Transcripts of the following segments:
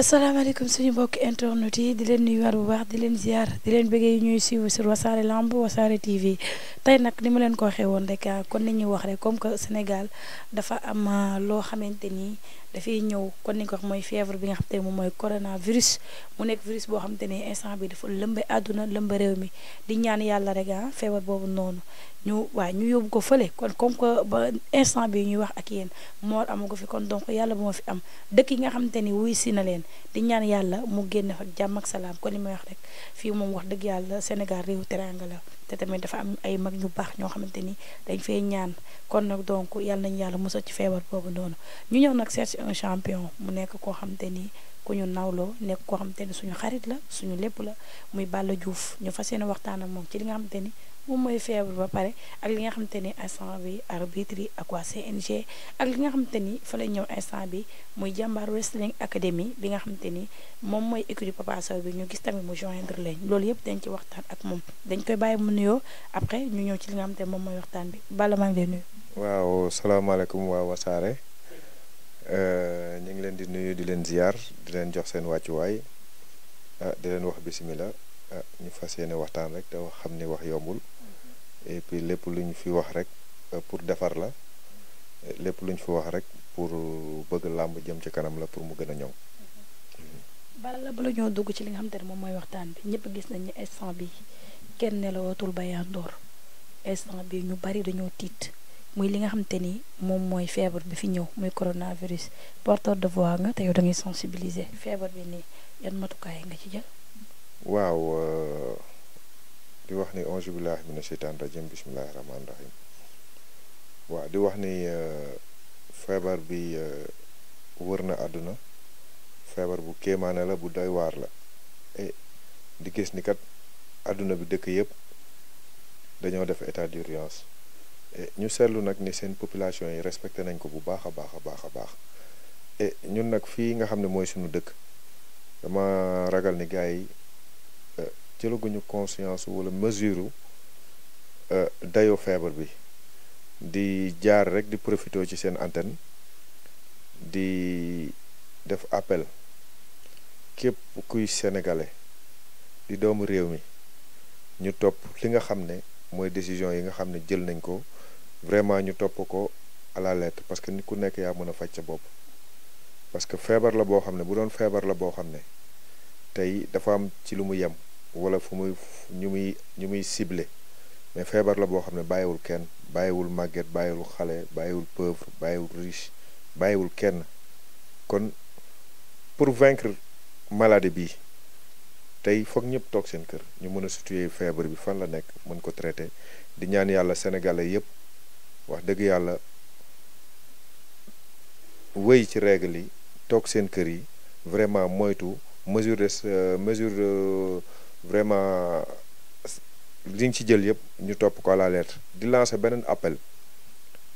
asalaamaaleykum suñu mbokki internet yi di leen nuyuwaat bu baax di leen ziar di leen bëggee ñuy suivre sur wasaare lamb wasaare TV tey nag ni ma leen ko waxee woon rek kon ah, ni ñuy wax rek comme que Sénégal dafa am ah, loo xamante ni. dafay ñëw kon ni ko wax mooy feebar bi nga xam te ne moom mooy coronavirus mu nekk virus boo xam te ne instant bi dafa lëmba àdduna lëmba réew mi di ñaan yàlla rek ah feebar boobu noonu ñu waaw ñu yóbbu ko fële kon comme que ba instant bi ñuy wax ak yéen moor amu ko fi kon donc yàlla bu ma fi am dëkk yi nga xamante ni wuy si na leen di ñaan yàlla mu génn fa jàmm ak salaam kon li may wax rek fii moom wax dëgg yàlla Sénégal réew teranga la te tamit dafa am ay mag ñu baax ñoo xamante ni dañ fay ñaan kon nag donc yàlla nañu yàlla musal ci feebar boobu noonu ñu ñëw nag seet un champion mu nekk koo xamante ni. ku ñu nawloo nekk koo xamante ni suñu xarit la suñu lépp la muy Balla Diouf ñu fas yéene waxtaan ak moom ci li nga xamante ni moom mooy feebar ba pare ak li nga xamante ni instant bi arbitre ak waa CNG ak li nga xamante ni fa la ñëw instant bi muy jàmbaar wrestling academy bi nga xamante ni moom mooy équipe Papa Sow bi ñu gis tamit mu joindre leen loolu yëpp dañ ci waxtaan ak moom dañ koy bàyyi mu nuyoo après ñu ñëw ci li nga xamante ni moom mooy waxtaan bi Balla maa ngi lay nuyu. waaw salaamaaleykum waa Wasaare. Euh, ñu ngi leen di nuyu di leen ziar di leen jox seen wàccuwaay ah di leen wax bisimilah ah ñu fas yéene waxtaan rek te xam ni wax yombul et lépp lu ñu fi wax rek euh, pour defar la lépp lu ñu fi wax rek pour bëgg làmb jëm ci kanam la pour mu gën a ñoŋ. bala bala ñoo dugg ci li nga xamante ne moom mooy waxtaan bi ñëpp gis nañ ni instant bi kenn nelawootul ba yandoor instant bi ñu bari dañoo tiit. muy li nga xamante ni moom mooy feebar bi fi ñëw muy coronavirus porteur de voix nga te yow da ngay sensibiliser feebar bi nii yan matukaay nga ci jël. waaw euh, di wax ni auzu billaahi mina sheytaani rajim bismillaahi di wax ni euh, feebar bi euh, wër na àdduna feebar bu kéemaane la bu doy waar la eh, di gis ni kat adduna bi dëkk yëpp dañoo def état d'urgence Eh, ñu seetlu nag ni seen population yi respecte nañ ko bu baax a baax a baax a baax eh, ñun nag fii nga xam ne mooy suñu dëkk dama ragal ni gars yi eh, jëlaguñu conscience wala mesure dayo feebar bi di jaar rek di profité ci seen antenne di def appel képp kuy sénégalais di doomu réew mi ñu topp li nga xam ne mooy décision yi nga xam ne jël nañ ko vraiment ñu topp ko à la parce que nit ku nekk yaa mën a faj sa bopp parce que feebar la boo xam ne bu doon feebar la boo xam ne tey dafa am ci lu mu yem wala fu muy ñu muy ñu muy ciblé mais feebar la boo xam ne bàyyiwul kenn bàyyiwul màgget bàyyiwul xale bàyyiwul pauvre bàyyiwul riche bàyyiwul kenn kon pour vaincre maladie bi tey foog ñëpp toog seen kër ñu mën a situer feebar bi fan la nekk mën ko traité di ñaan yàlla sénégalais yëpp. wax dëgg yàlla wéy ci règle yi toog seen kër yi vraiment moytu mesure de euh, mesure vraiment li ci jël yëpp ñu topp ko à lettre di lancer beneen appel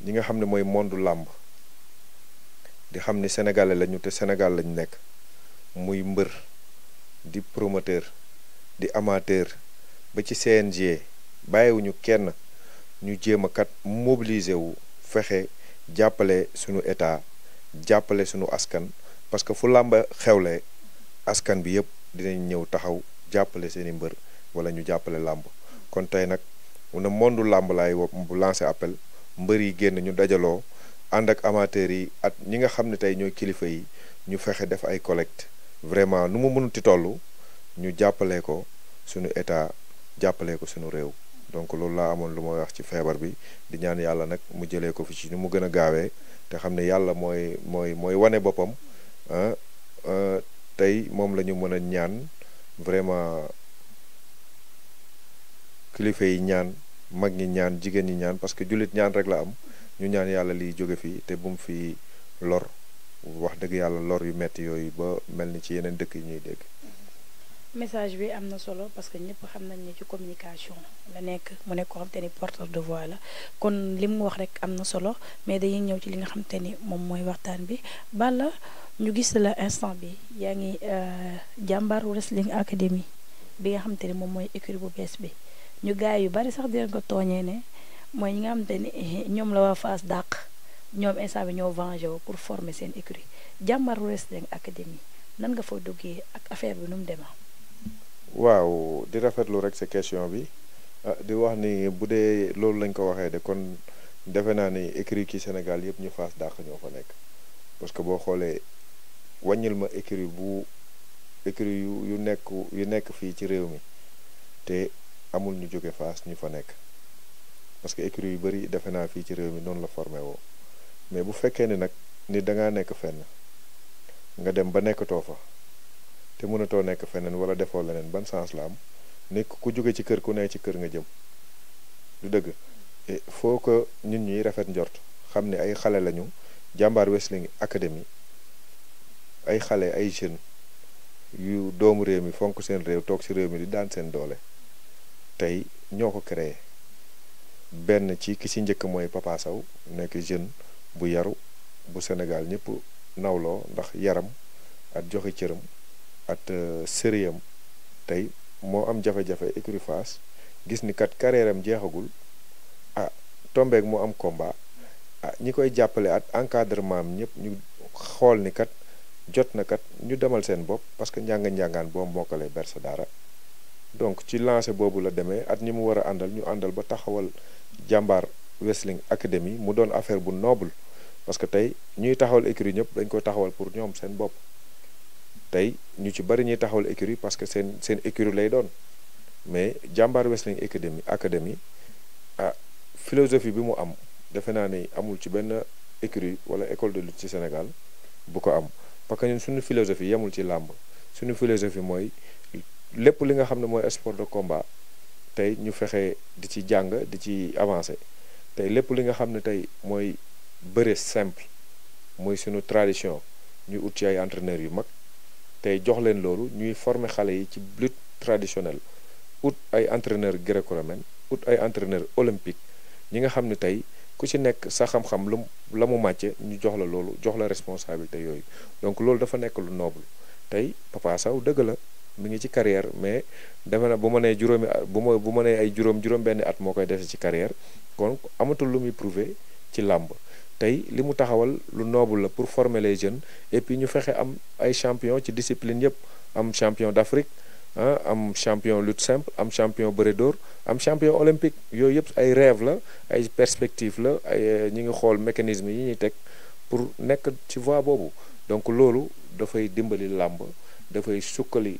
ñi nga xam ne mooy monde làmb di xam ni sénégalais lañu te Sénégal lañu nekk muy mbër di promoteur di amateur ba ci CNG bàyyiwuñu kenn. ñu jéem a kat mobiliser wu fexe jàppale sunu état jàppale sunu askan parce que fu làmba xewle askan bi yëpp dinañ ñëw taxaw jàppale seeni mbër wala ñu jàppale làmb kon tey nag na mondu làmb laay bu lancé appel mbër yi génn ñu dajaloo ànd ak amateurs yi at ñi nga xam ne tey ñooy kilifa yi ñu fexe def ay collect vraiment nu mu mënuti toll ñu jàppale ko sunu état jàppale ko sunu réew donc loolu laa amoon lu may wax ci feebar bi di ñaan yàlla nag mu jëlee ko fi ci ni mu gën a gaawee te xam ne yàlla mooy mooy mooy wane boppam ah, ah, tey moom la ñu mën a ñaan vraiment kilifa yi ñaan mag ñi ñaan jigéen ñi ñaan parce que jullit ñaan rek la am ñu ñaan yàlla liy jóge fii te bu mu fi lor wax dëgg yàlla lor yu metti yooyu ba mel ni ci yeneen dëkk yi ñuy dégg. message bi am na solo parce que ñëpp xam nañ ne ci communication la nekk mu nekk koo xam te ni porteur de voix la kon li mu wax rek am na solo mais dañuy ñëw ci li nga xam te ni moom mooy waxtaan bi Balla ñu gis la instant bi yaa ngi euh, jàmbaaru wrestling academy bi nga xam te moom mooy écurie bu bees bi ñu gaay yu bari sax dinañ ko tooñee ne mooy ñi nga xam te ni ñoom la waa Fass dàq ñoom instant bi ñoo vengé wu pour former seen écurie jàmbaaru wrestling academy nan nga fa duggee ak affaire bi nu mu demee. waaw di rafetlu rek sa question bi ah, di wax ni bu dee loolu lañ ko waxee de kon defe naa ni écurie ki Sénégal yëpp ñu faas dàq ñoo fa nekk parce que boo xoolee wàññil ma écurie bu écurie yu yu nekk yu nekk fii ci réew mi te amul ñu jóge faas ñu fa nekk parce que écurie yu bëri defe naa fii ci réew mi noonu la formé woo mais bu fekkee ni nag ni da ngaa nekk fenn nga dem ba nekkatoo fa. te mënatoo nekk feneen wala defoo leneen ban sens laam am nekk ku jóge ci kër ku nekk ci kër nga jëm du dëgg il e, ko nit ñun ñuy rafet njort xam ne ay xale lañu jàmbaar Wrestling Academy ay xale ay jeunes yu doomu réew mi fonk seen réew toog ci réew mi di daan seen doole tey ñoo ko créé benn ci ki ci njëkk mooy Papa Sow nekk jeune bu yaru bu Sénégal ñëpp nawloo ndax yaram ak joxe cëram. ak euh, sérieux am tey moo am jafe-jafe écurie Fass gis ni kat carrière jeexagul ah tombeek mu am combat ah ñi koy jàppale at encadrement am ñëpp ñu xool ni kat jot na kat ñu demal seen bopp parce que njàng njàngaan boo mokkalee bersa dara donc ci lancer boobu la demee at ñi mu war a àndal ñu àndal ba taxawal jàmbaar wrestling academy mu doon affaire bu noble parce que tey ñuy taxawal écurie ñëpp dañ ko taxawal pour ñoom seen bopp tey ñu ci bari ñuy taxawal écurie parce que seen seen écurie lay doon mais jàmbaar wrestling academy academy ah philosophie bi mu am defe naa ni amul ci benn écurie wala école de lutte ci Sénégal bu ko am parce que ñun suñu philosophie yemul ci làmb suñu philosophie mooy lépp li nga xam ne mooy sport de combat tey ñu fexe di ci jàng di ci avancé tey lépp li nga xam ne tey mooy bëre simple mooy sunu tradition ñu ut ci ay entraîneurs yu mag. tey jox leen loolu ñuy former xale yi ci lutte traditionnelle ut ay entraîneur gréco-romaine ut ay entraîneur olympique ñi nga xam ne tey ku ci nekk sa xam-xam lu la mu màcce ñu jox la loolu jox la responsabilité yooyu donc loolu dafa nekk lu noble tey Papa Sow dëgg la mu ngi ci carrière mais defe na bu ma nee juróomi bu ma bu ma nee ay juróom juróom benn at moo koy def ci carrière kon amatul lu muy prouver ci làmb tey li mu taxawal lu noble la pour former les jeunes et ñu fexe am ay champion ci discipline yëpp am champion d'Afrique ah am champion lutte simple am champion bëre dóor am champion olympique yooyu yëpp ay rêve la ay perspective la euh, ñu ngi xool mécanisme yi ñuy teg pour nekk ci voie boobu donc loolu dafay dimbali làmb dafay sukkali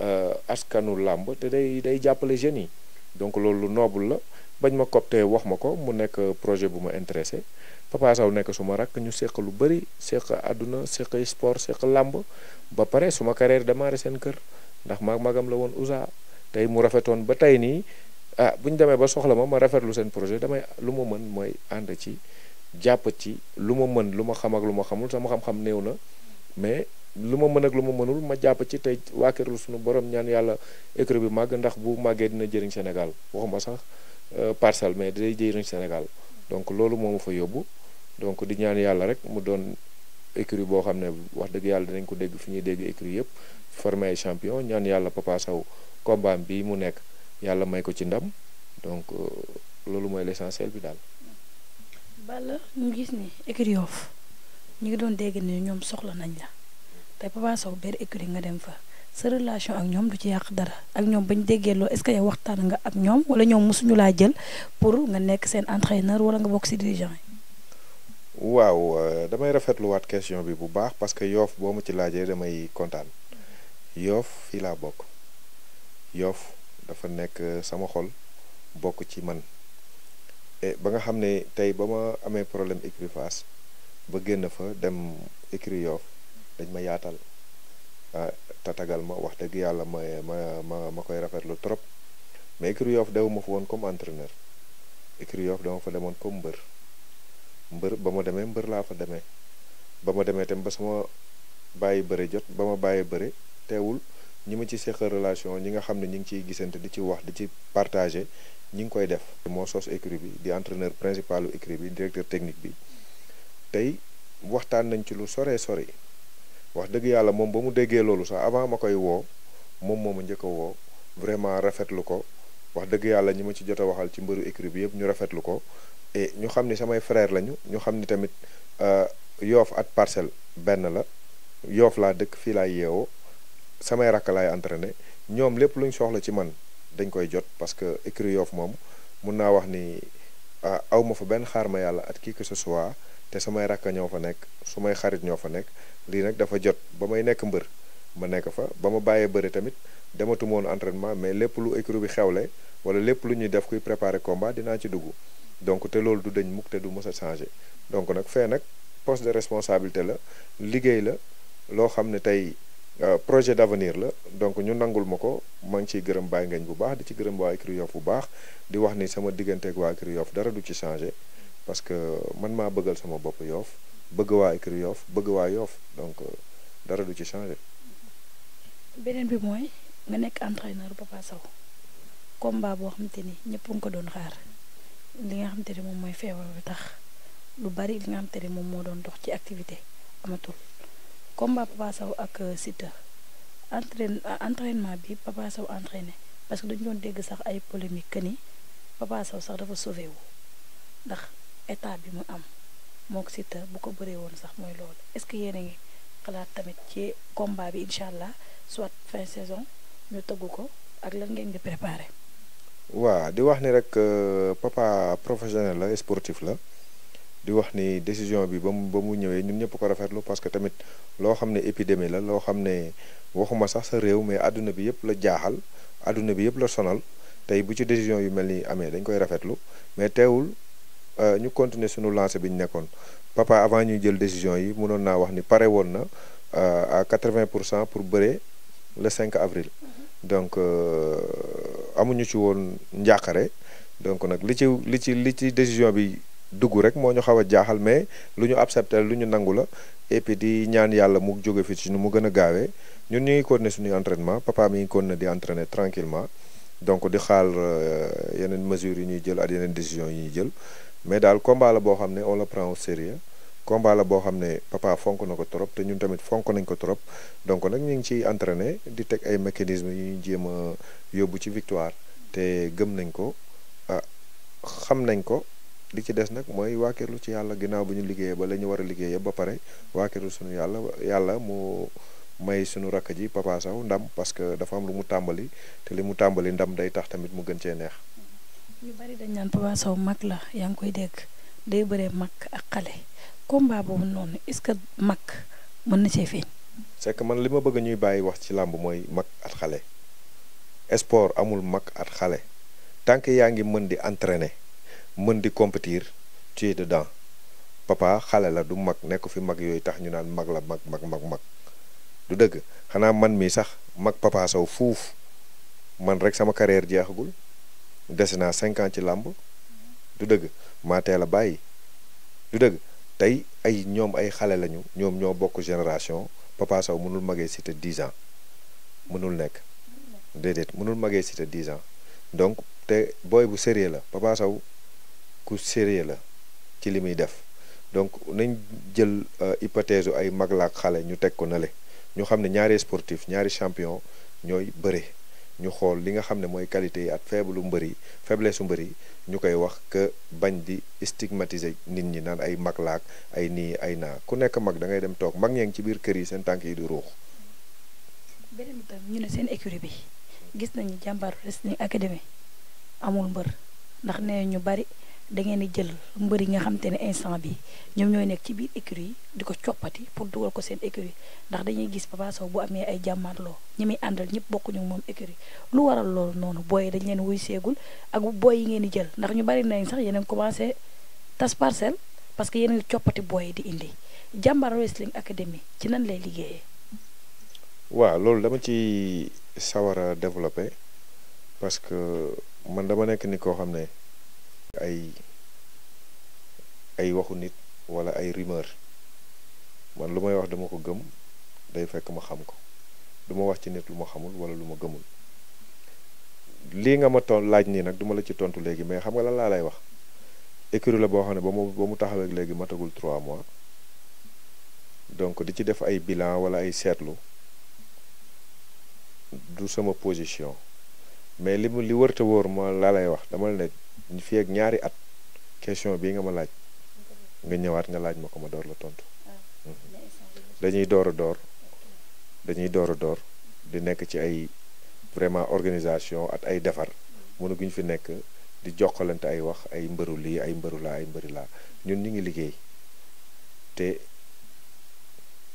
euh, askanu làmb te day day jàppale jeunes yi donc loolu lu noble la bañ ma copte wax ma ko mu nekk euh, projet bu ma intéressé Papa Sow nekk suma rakk ñu seq lu bëri seq àdduna seq sport seq làmb ba pare suma carrière démarré seen kër ndax maag magam la woon usa tey mu rafetoon ba tey nii ah bu ñu demee ba soxla ma ma rafetlu seen projet damay lu ma mën mooy ànd ci jàpp ci lu ma mën lu ma xam ak lu ma xamul sama xam-xam néew na mais lu ma mën ak lu ma mënul ma jàpp ci tey waa waakeerlu suñu borom ñaan yàlla écrit bi màgg ndax bu màggee dina jëriñ Sénégal waxuma sax euh, parcelle mais day jëriñ Sénégal donc loolu moo ma fa yóbbu donc di ñaan yàlla rek mu doon écurie boo xam ne wax dëgg yàlla dinañ ko dégg fi ñuy dégg écurie yëpp formé ay champion ñaan yàlla Papa Sow combat bi mu nekk yàlla may ko ci ndam donc euh, loolu mooy l'essentiel bi daal. Balla ñu gis ni écurie Yoff ñu ngi doon dégg ni ñoom soxla nañ la te Papa Sow benn écurie nga dem fa sa relation ak ñoom du ci yàq dara ak ñoom bañ déggee loolu est-ce que waxtaan nga ak ñoom wala ñoom mosuñu laa jël pour nga nekk seen entraîneur wala nga bokk ci yi. waaw euh, damay rafetluwaat question bi bu baax parce que yoof boo ma ci laajee damay kontaan yoof fii laa bokk yoof dafa nekk euh, sama xol bokk ci man ba nga xam ne tey ba ma amee problème écurie Fass ba génn fa dem écurie Yoff dañ ma yaatal ah, tatagal ma wax dëgg yàlla ma ma ma ma koy rafetlu trop mais écurie Yoff dewu ma fa woon comme entraîneur écurie Yoff dama fa demoon comme mbër mbër ba ma demee mbër laa fa demee ba ma demee tam ba sama bàyyi bëre jot ba ma bàyyi bëre teewul ñi ma ci seqa relation ñi nga xam ne ñi ngi ciy gisante di ci wax di ci partager ñi ngi koy def moo sos écurie bi di entraîneur principal u bi directeur technique bi tey waxtaan nañ ci lu sore sori wax dëgg yàlla moom ba mu déggee loolu sax avant ma koy woo moom moo ma njëkk a woo vraiment rafetlu ko wax dëgg yàlla ñi ma ci jot a waxal ci mbëru écurie bi yëpp ñu rafetlu ko Eh, ñu xam ni samay frère lañu ñu xam ni tamit euh, yoof at parcelle benn la yoof laa dëkk fii laay yeewoo samay rakk laay entraîné ñoom lépp luñ soxla ci man dañ koy jot parce que écrit yoof moom mun naa wax ni ah, aw ma fa benn xaar ma yàlla at kii que ce soit te samay rakk ñoo fa nekk su may xarit ñoo fa nekk lii nag dafa jot ba may nekk mbër ma nekk fa ba ma bàyyee bëri tamit dematuma woon entraînement mais lépp lu écrit bi xewle wala lépp lu ñuy def kuy préparer combat dinaa ci dugg donc te loolu du dañ mukk te du mës a changé donc nag fee nag poste de responsabilité la liggéey la loo xam ne tey euh, projet d'avenir la donc ñu nangul ma ko ma ngi ciy gërëm Baye ngeen bu baax di ci gërëm waa Écurie Yoff bu baax di wax ni sama digganteeg waa Écurie Yoff dara du ci changé parce que man maa bëggal sama bopp yoof bëgg waa Écurie yoof bëgg waa yoof donc euh, dara du ci changé. beneen bi mooy nga nekk entraîneur Papa Sow combat boo xamante ni ñëpp nga ko doon xaar. li nga xamante ne moom mooy feebar bi tax lu bari li nga xamante ne moom moo doon dox ci activité amatul combat Papa ak euh, sita entrain euh, entraînement bi Papa Sow entraîné parce que dañu doon dégg sax ay polémique que ni Papa sax dafa sauvé wu ndax état bi mu am mook Siteu bu ko bëree woon sax mooy loolu est-ce que yéen a ngi xalaat tamit ci combat bi incha allah soit fin saison ñu tëgg ko ak lan ngeen di préparé. waaw di wax ni rek euh, papa professionnel la sportif la di wax ni décision bi ba mu ba mu ñëwee ñun ñëpp ko rafetlu parce que tamit loo xam ne épidémie la loo xam ne waxuma sax sa réew mais àdduna bi yëpp la jaaxal àdduna bi yëpp la sonal tey bu ci décision yu mel ni amee dañ koy rafetlu mais teewul euh, ñu continuer sunu lancé bi ñu nekkoon papa avant ñuy jël décision yi mënoon naa wax ni pare woon na euh, quatre 80 pour cent pour bëre le cinq avril. donc euh, amuñu ci woon njàqare donc nag li ci li ci li ci décision bi dugg rek moo ñu xaw a jaaxal mais lu ñu accepté lu ñu nangu la et puis di ñaan yàlla mu jóge fi ci nu mu gën a gaawee ñun ñu ngi continuer suñuy entraînement papa mi ngi continuer di entraîner tranquillement donc di xaar euh, yeneen mesures yu ñuy jël ak yeneen décisions yi ñuy jël mais daal combat boo xam ne on le prend au sérieux combat la boo xam ne papa fonk na ko trop te ñun tamit fonk nañ ko trop donc nag ñu ngi ciy entraîné di teg ay mécanismes yu ñu jéem a yóbbu ci victoire te gëm nañ ko ah, xam nañ ko li ci des nag mooy waakeerlu ci yàlla ginnaaw bi ñu liggéeyee ba la ñu war a liggéey yëpp ba pare waakeerlu suñu yàlla yàlla mu may sunu rakk ji papa saw ndam parce que dafa am lu mu tàmbali te li mu tàmbali ndam day tax tamit mu gën cee neex. ñu bari dañ naan papa saw mag la yaa ngi combat boobu noonu est-ce que mag li ma bëgg ñuy bàyyi wax ci làmb mooy mag at xale sport amul mag at xale tant yaa ngi mën di entraîner mën di compétir tu es dedans papa xale la du mag nekk fi mag yooyu tax ñu naan mag la mag mag mag mag du dëgg xanaa man mii sax mag papa saw fuuf man rek sama carrière jeexagul dese naa cinq ci làmb du dëgg maa teel a bàyyi du dëgg. tey ay ñoom ay xale lañu ñoom ñoo bokk génération Papa mënul magee cité dix ans mënul nekk déedéet mënul magee cité dix ans donc te booy bu sérieux la Papa Sow ku sérieux la ci li muy def donc nañ jël euh, hypothèse ay mag laak xale ñu teg ko nale ñu xam ne ñaari sportif ñaari champion ñooy bëre ñu xool li nga xam ne mooy qualité yi ak faible mbër yi faiblesse su mbër ñu koy wax que bañ di stigmatiser nit ñi naan ay mag laak ay nii ay naa ku nekk mag da ngay dem toog mag ñee ngi ci biir kër yi seen tànk yi di ruux. beneen ñu ne seen écurie bi gis nañu jàmbaar Wrestling Academy amul mbër ndax nee ñu bari. da ngeen di jël mbër yi nga xam ne instant bi ñoom ñooy nekk ci biir écurie di ko coppati pour dugal ko seen écurie ndax dañuy gis Papa Sow bu amee ay jàmmaarloo ñi muy àndal ñëpp bokkuñu moom écurie lu waral loolu noonu booy yi dañ leen wuy seegul ak booy yi ngeen di jël ndax ñu bari nañ sax yeneen commencé tas parcelle parce que yeneen coppati booy yi di indi jàmbaar wrestling academy ci nan lay liggéeyee. waaw loolu dama ci sawar a développé parce que man dama nekk koo xam ne. ay ay waxu nit wala ay rumeur man lu may wax dama ko gëm day fekk ma xam ko du wax ci nit lu ma xamul wala lu ma gëmul lii nga ma ton laaj nii nag duma la ci tontu léegi mais xam nga lan laa lay wax écurie la boo xam ne ba mu ba mu taxawee léegi matagul trois mois donc di ci def ay bilan wala ay seetlu du sama position mais li mu li wërta wóor ma laa lay wax dama ne fi ak ñaari at question bii nga ma laaj nga ñëwaat nga laaj ma ko ma door la tontu ah, dañuy door a door dañuy door a door di nekk ci ay vraiment organisation at ay defar mënaguñ fi nekk di jokkalante ay wax ay mbëru lii ay mbëru laa ay mbëru laa ñun ñu ngi liggéey te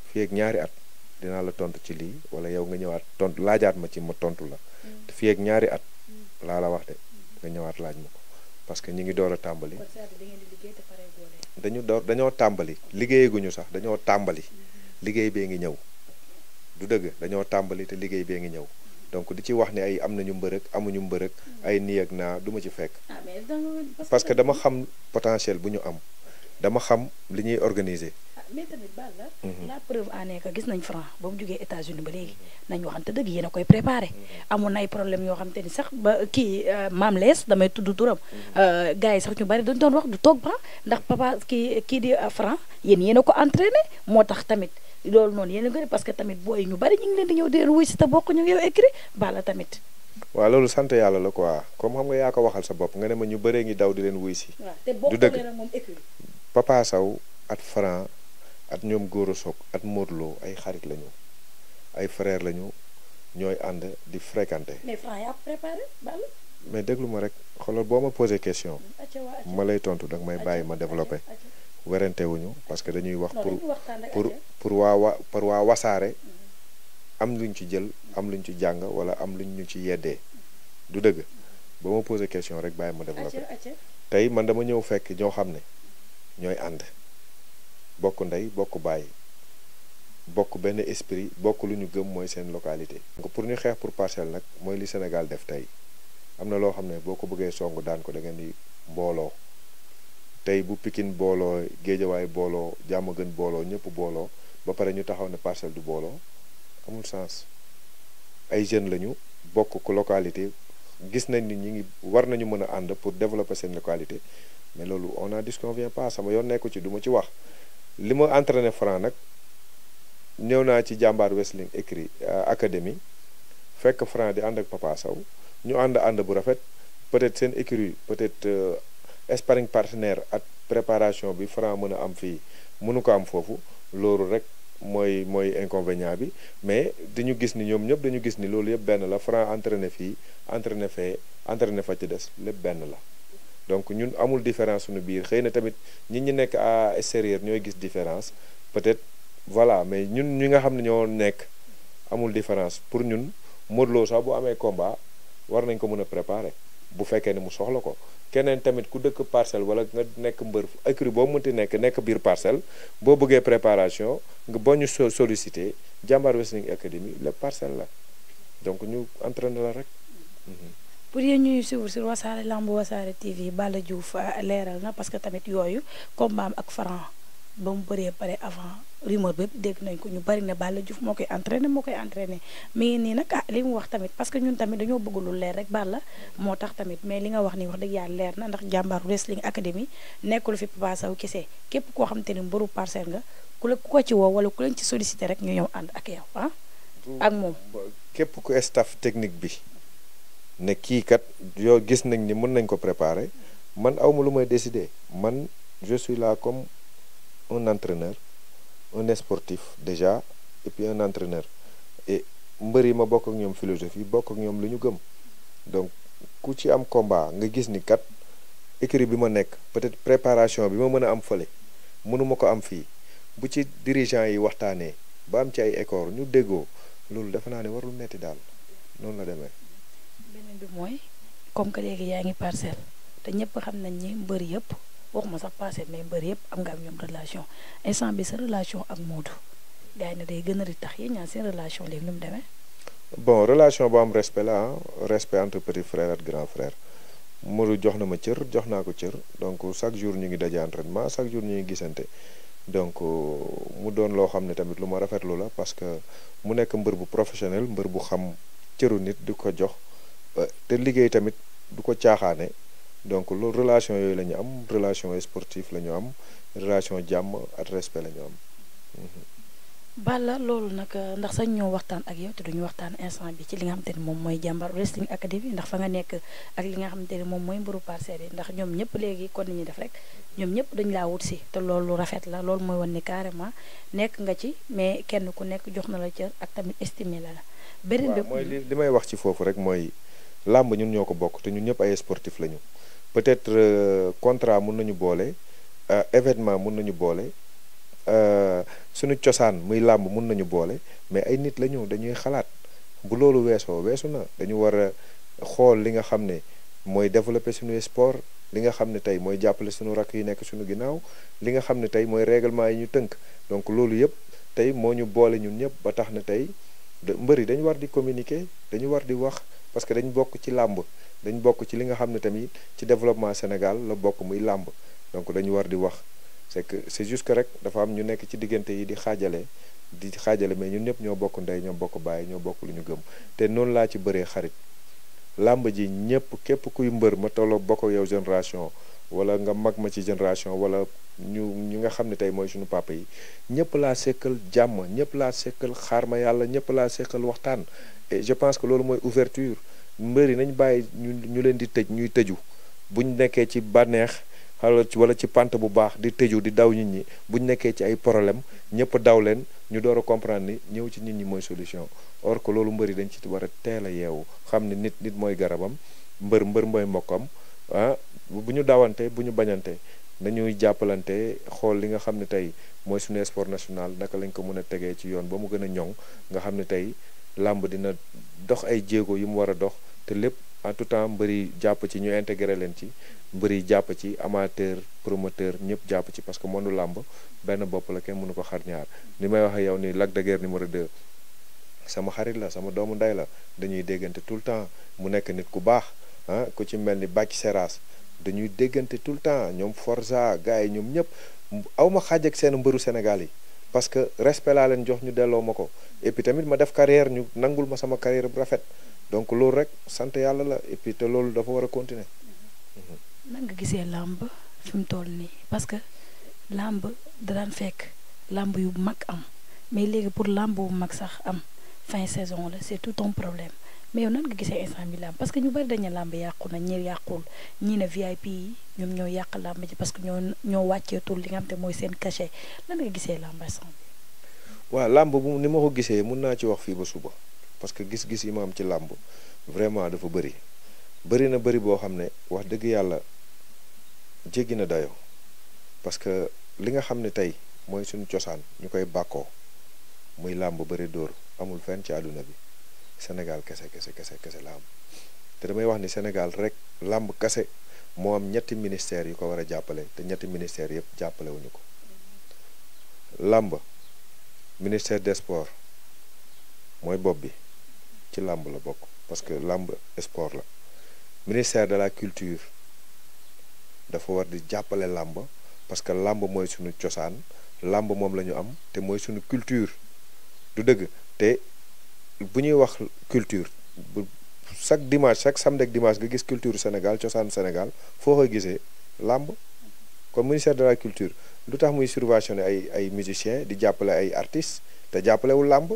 fii ak ñaari at dinaa la tontu ci lii wala yow nga ñëwaat tontu laajaat ma ci ma tontu la mm. te ñaari at mm. laa la wax nga ñëwaat laaj ma ko. parce que ñu ngi door a tàmbali. dañu door dañoo tàmbali liggéeyaguñu sax dañoo tàmbali. Mm-hmm. liggéey bee ngi ñëw du dëgg dañoo tàmbali te liggéey bee ngi ñëw donc di ci wax ne ay am na ñu mbërëg amuñu mbërëg mm-hmm. ay nii ak naa duma ci fekk. Ah, parce que dama xam potentiel bu ñu am dama xam li ñuy organiser. mais tamit Balla mhm. la preuve en est gis nañ franc ba jugee jógee États-Unis ba léegi nañ waxante dëgg yéen a koy préparé mhm. amoon na ay problème yoo xam te ni sax ba kii euh, mam lees damay tudd turam mhm. euh, gars yi sax ñu bari dañ doon wax du toog ba ndax papa kii kii di euh, franc yéen yéen a ko entraîné moo tax tamit loolu noonu yéen a gën que tamit booy ñu bari ñu ngi leen di ñëw di wuy si te bokk ñu ngi yow tamit waaw loolu sant yàlla la quoi comme xam yaa ko waxal sa bopp nga ne ñu bëree ngi daw di leen wuy si du dëgg Papa Sow at Franc at ñoom góor a soog at Modou ay xarit lañu ay frère lañu ñooy ànd di fréquenter. mais déglu ma rek xoolal boo ma posé question. ma lay tontu da nga may bàyyi ma développé. werante wuñu parce que dañuy wax. pour pour pour waa wa pour waa wasaare. Mm-hmm. am luñ ci jël am lu luñ ci jàng wala am luñ ñu ci yeddee. du dëgg boo ma posé question rek bàyyi ma développé. tey man dama ñëw fekk ñoo xam ne ñooy ànd. bokk ndey bokk baay bokk benn esprit bokk lu ñu gëm mooy seen localité. donc pour ñu xeex pour parcelle nag mooy li Sénégal def tey am na loo xam ne boo ko bëggee song daan ko da ngeen di mbooloo tey bu pikin booloo Géejawaay booloo jàmm gën booloo ñëpp booloo ba pare ñu taxaw ne parcelle du booloo amul sens ay jeunes lañu bokk ko localité gis nañ ni ñi ngi war nañu mën a ànd pour développer seen localité mais loolu on n'en disconvient pas sama yoon nekku ci du ma ci wax. li ma entraîné Franc nag ñëw naa ci jàmbaar wrestling écrit euh, académie fekk Franc di ànd ak Papa ñu ànd ànd bu rafet peut-être seen écurie peut-être euh, sparring partenaire ak préparation bi Franc mën a am fii mënu ko am foofu loolu rek mooy mooy inconvénient bi mais dañu gis ni ñoom ñëpp dañu gis ni loolu yëpp benn la Franc entraîné fii entraîné fee entraîné fa ci des lépp benn la donc ñun amul différence suñu biir xëy na tamit ñi ñi nekk à extérieur ñooy gis différence peut-être voilà mais ñun ñi nga xam ne ñoo nekk amul différence pour ñun Modou sax bu amee combat war nañ ko mën a préparer bu fekkee ne mu soxla ko keneen tamit ku dëkk parcelle wala nga nekk mbër écrit boo mënti nekk nekk biir parcelle boo bëggee préparation nga boo ñu solicité Jàmbaar Wrestling Academy la parcelle la donc ñu entraîner la rek. Mhm. pour yéen ñuy suivre sur wasaare lamb wasaare TV Balla Diouf euh, leeral na parce que tamit yooyu combat am ak Franc ba mu bëree pare avant rumeur bépp dégg nañ ko ñu bari ne bala Diouf moo koy entraîné moo koy entraîné mais nii nag ah li mu wax tamit parce que ñun tamit dañoo bëgg lu leer rek bala moo tax tamit mais li nga wax ni wax dëgg yàlla leer na ndax jàmbaar wrestling academy nekkul fi Papa Sow kese képp koo xam te ni mbëru parcel nga ku la ku ko ci woo wala ku leen ci sollicité rek ñu ñëw ànd ak yow ah. ak moom képp ku staff technique bi. ne kii kat yoo gis nañ ni mën nañ ko préparer man awma lu may décider man je la comme un entraîneur un sportif déjà et puis un entraîneur et mbër yi ma bokk ak ñoom philosophie bokk ak ñoom lu ñu gëm donc ku ci am combat nga gis ni kat écurie bi ma nekk peut-être préparation bi ma mën a am fale mënuma ko am fii bu ci dirigeant yi waxtaanee ba am ci ay école ñu déggoo loolu dafa naa ne warul metti daal noonu la demee beneen bi mooy comme que léegi yaa ngi parcelle te ñëpp xam nañ ni mbër yëpp waxuma sax parcelle mais mbër yëpp am nga am ñoom relation instant bi sa relation ak Modou gars ne day gën di tax yéen ñaan seen relation léegi nu mu demee. bon relation bu am respect la respect entre petit frère ak jox na ma cër jox naa ko cër donc chaque jour ñu ngi daje entraînement chaque jour ñu ngi gisante. donc mu doon loo xam ne tamit lu ma rafetlu la parce que mu nekk mbër bu professionnel mbër bu xam cëru nit di ko jox te liggéey tamit du ko caaxaane donc loolu relation yooyu la ñu am relation sportive la ñu am relation jàmm ak respect la ñu am. Mhm. Balla loolu nag ndax sañ ñoo waxtaan ak yow te duñu waxtaan instant bi ci li nga xamante ni moom mooy jàmbar wrestling academy ndax fa nga nekk ak li nga xamante ni moom mooy mburu parcelles yi ndax ñoom ñëpp léegi kon ni ñu def rek ñoom ñëpp dañu laa wut si te loolu lu rafet la loolu mooy wan ni carrément nekk nga ci mais kenn ku nekk jox na la cër ak tamit estimé la la. beneen wax ci foofu rek mooy. làmb ñun ñoo ko bokk te ñun ñëpp ay sportif lañu peut-être euh, contrat mun nañu boole euh, événement mun nañu boole euh, suñu cosaan muy làmb mun nañu boole mais ay nit la ñu dañuy xalaat bu loolu weesoo weesu na dañu war a xool li nga xam ne mooy développer suñu sport li nga xam ne tey mooy jàppale suñu rakk yu nekk suñu ginnaaw li nga xam ne tey mooy règlement yi ñu tënk donc loolu yëpp tey moo ñu boole ñun ñëpp ba tax na tey mbër yi dañu war di communiquer dañu war di wax parce que dañ bokk ci làmb dañ bokk ci li nga xam ne tamit ci développement Sénégal la bokk muy làmb donc dañu war di wax c'est que c'est juste rek dafa am ñu nekk ci diggante yi di xaajale di xaajale mais ñun ñëpp ñoo bokk ndey ñoo bokk bàyyi ñoo bokk lu ñu gëm te noonu laa ci bëree xarit làmb ji ñëpp képp kuy mbër ma tolloo bokk yow génération wala nga mag ma ci génération wala ñu ñi nga xam ne tey mooy suñu papa yi ñëpp laa sekkal jàmm ñëpp laa sekkal xaar ma yàlla ñëpp laa sekkal waxtaan je pense que loolu mooy ouverture mbër yi nañ bàyyi ñu ñu leen di tëj ñuy tëju ñu nekkee ci bànneex wala ci pante bu baax di tëju di daw nit ñi buñ nekkee ci ay problème ñëpp daw leen ñu door a comprendre ni ñëw ci nit ñi mooy solution or ko loolu mbër yi dañ ci war a teel a yeewu xam ni nit nit mooy garabam mbër mbër mooy mbokkam ah bu ñu dawante bu ñu bañante nañuy jàppalante xool li nga xam ne tey mooy suñu sport national naka lañ ko mën a tegee ci yoon ba mu gën a ñoŋ nga xam ne tey làmb dina dox ay jéego yu mu war a dox te lépp en tout temps mbëri jàpp ci ñu intégré leen ci mbëri jàpp ci amateur promoteur ñëpp jàpp ci parce que mënu làmb benn bopp la kenn mënu ko xar ñaar ni may wax yow ni Lac de Guiers numéro 2 sama xarit la sama doomu nday la dañuy déggante tout le temps mu nekk nit ku baax ah ku ci mel ni Bathie Seras dañuy déggante tout le temps ñoom Forza gars yi ñoom ñëpp awma xaaj ak seen mbëru Sénégal yi parce que respect laa leen jox ñu delloo ma ko et tamit ma def carrière ñu nangul ma sama carrière bu rafet donc loolu rek sant yàlla la et puis te loolu dafa war a continuer. Mhm. nan gisee làmb fi mu toll nii parce que làmb da daan fekk làmb yu mag am mais léegi pour làmb bu mag sax am fin saison la c'est tout ton problème. mais yow nan nga gisee instant bi làmb parce que ñu bari dañu làmb yàqu na ñi yàqul ñii ne VIP yi ñoom ñoo yàq làmb ci parce que ñoo ñoo wàcceetul li nga xam te mooy seen cachet nan nga gisee làmb instant bi waaw làmb bu ni ma ko gisee mun naa ci wax fii ba suba parce que gis-gis yi ma am ci làmb vraiment dafa bëri bëri na bëri boo xam ne wax dëgg yàlla jéggi na dayo parce que li nga xam ne tey mooy suñu cosaan ñu koy bàkkoo muy làmb bëri dóor amul fenn ci àdduna bi Sénégal kese kese kese kese la te damay wax ni Sénégal rek làmb kese moo am ñetti ministères yu ko war a jàppale te ñetti ministères yëpp jàppale ñu ko làmb ministère de sports mooy bopp bi ci làmb la bokk parce que làmb sport la ministère de la culture dafa war di jàppale làmb parce que làmb mooy suñu cosaan làmb moom la ñu am te mooy suñu culture du dëgg te bu ñuy wax culture bu chaque dimanche chaque samedi ak dimanche nga gis culture Sénégal cosaan Sénégal foo koy gisee làmb kon ministère de la culture lu tax muy ne ay ay musiciens di jàppale ay artistes te jàppalewul làmb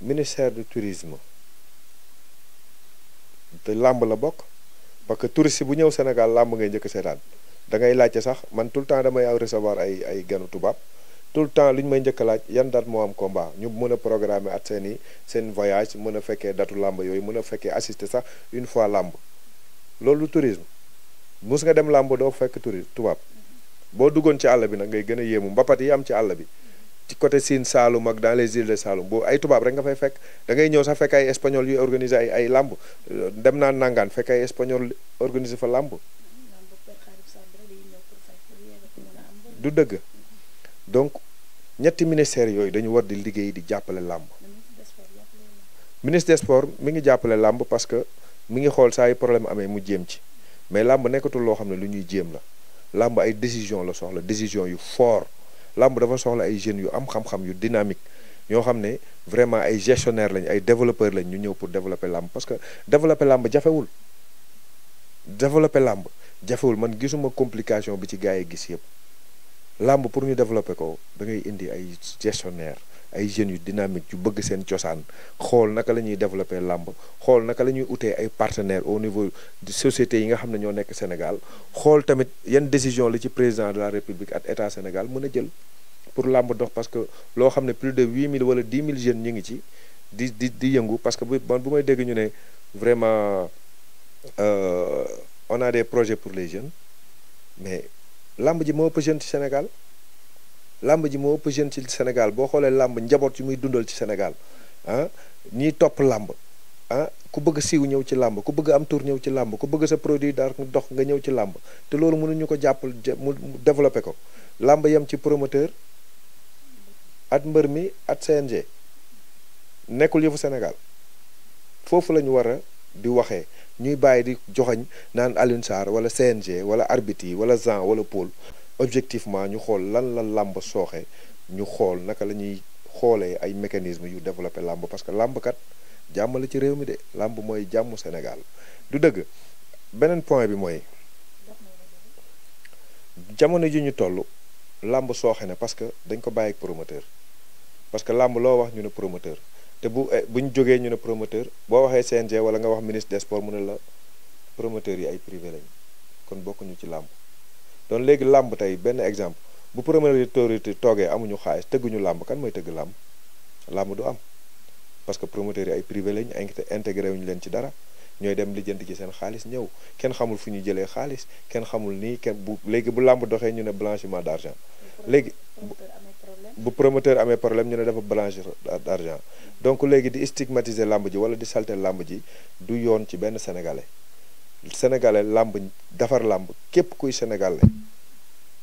ministère du tourisme te làmb la bokk parce que touriste bu ñëw Sénégal làmb ngay njëkk seetaan dangay laajte sax man tout le temps damay recevoir ay ay ganu tubaab. tout temps li ñu may njëkk laaj yan date moo am combat ñu mën a programmer at seen i seen voyage mën a fekkee datu làmb yooyu mën a fekkee assister sax une fois làmb loolu tourisme mus nga dem làmb doo fekk tourisme tubaab boo duggoon ci àll bi nag ngay gën a yéemu mbapat yi am ci àll bi ci côté Sine Saalum ak dans les îles de Saalum boo ay tubaab rek nga fay fekk dangay ñëw sax fekk ay espagnol yuy organiser ay làmb dem naa nangaan fekk ay espagnol organiser fa làmb du dëgg ñetti ministères yooyu dañu war di liggéey di jàppale làmb ministre des sports mi ngi jàppale làmb parce que mi ngi xool saa yu problème amee mu jéem ci mais làmb nekkatul loo xam ne lu ñuy jéem la làmb ay décision la soxla décision yu fort làmb dafa soxla ay jeunes yu am xam-xam yu dynamique ñoo xam ne vraiment ay gestionnaire lañ ay développeur lañ ñu ñëw pour développer làmb parce que développer làmb jafewul développer làmb jafewul man gisuma complication bi ci gars yi gis yëpp làmb pour ñu développer ko da indi ay gestionnaire ay jeunes yu dynamique yu bëgg seen cosaan xool naka la ñuy développer làmb xool naka la ñuy utee ay partenaires au niveau de sociétés yi nga xam ne ñoo nekk Sénégal xool tamit yan décision la ci président de la République ak état Sénégal mën a jël pour làmb dox parce que loo xam ne plus de huit mille wala dix mille jeunes ñu ngi ci di di di yëngu parce que bu man bu may dégg ñu ne vraiment euh, on a des projets pour les jeunes mais làmb ji moo ëpp jeune ci senegal làmb ji moo ëpp jeune ci Sénégal boo xoolee làmb njaboot yi muy dundal ci senegal ah ñiy topp làmb ah ku bëgg siiw ñëw ci làmb ku bëgg am tour ñëw ci làmb ku bëgg sa produit daal dox nga ñëw ci làmb te loolu mënuñu ko jàppal mu développé ko làmb yam ci promoteur at mbër mi at CNG nekkul yëfu senegal foofu lañu ñu war a di waxee ñuy bàyyi di joxoñ naan Alioune Sarr wala CNG wala arbitre yi wala Jean wala Paul objectivement ñu xool lan la làmb sooxe ñu xool naka la ñuy xoolee ay mécanismes yu développé làmb parce que làmb kat jàmm la ci réew mi de làmb mooy jàmmu Sénégal du dëgg beneen point bi mooy jamono ji ñu toll làmb sooxe na parce que dañ ko bàyyi ak promoteur parce que làmb loo wax ñu ne promoteur. te bu eh, bu ñu jógee ñu ne promoteur boo waxee CNG wala nga wax ministre des mu ne la promoteur yi ay privé lañ kon bokkuñu ci làmb donc léegi làmb tey benn exemple bu promoteur yi toogee amuñu xaalis tëgguñu làmb kan mooy tëgg làmb làmb du am parce que promoteur yi ay privé lañ intégré wuñu leen ci dara ñooy dem lijjanti ci seen xaalis ñëw kenn xamul fu ñu jëlee xaalis kenn xamul nii kenn bu léegi bu làmb doxee ñu ne blanchiment d'argent léegi bu promoteur amee problème ñu ne dafa blanchir d'argent donc léegi di stigmatiser làmb ji wala di salter làmb ji du yoon ci benn sénégalais sénégalais làmb defar làmb képp kuy sénégalais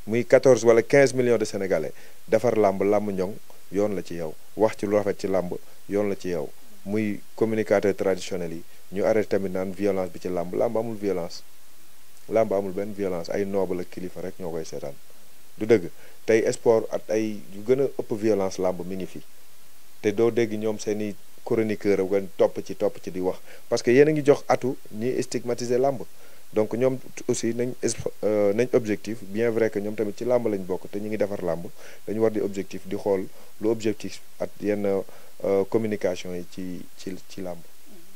muy 14 wala 15 de sénégalais defar làmb làmb ñoŋ yoon la ci yow wax ci lu rafet ci làmb yoon la ci yow muy communicateur traditionnel yi ñu arrêté tamit naan violence bi ci làmb làmb amul violence làmb amul benn violence ay noob la kilifa rek ñoo koy seetaan du dëgg. tey sport at ay yu gën a ëpp violence làmb mi ngi fi te doo dégg ñoom seen i chroniqueur nga topp ci topp ci di wax parce que yéen a ngi jox atu ñuy stigmatiser làmb donc ñoom aussi nañ euh, nañ objectif bien vrai que ñoom tamit ci làmb lañ bokk te ñu ngi defar làmb dañu war di objectif di xool lu objectif at yenn euh, communication yi ci ci ci làmb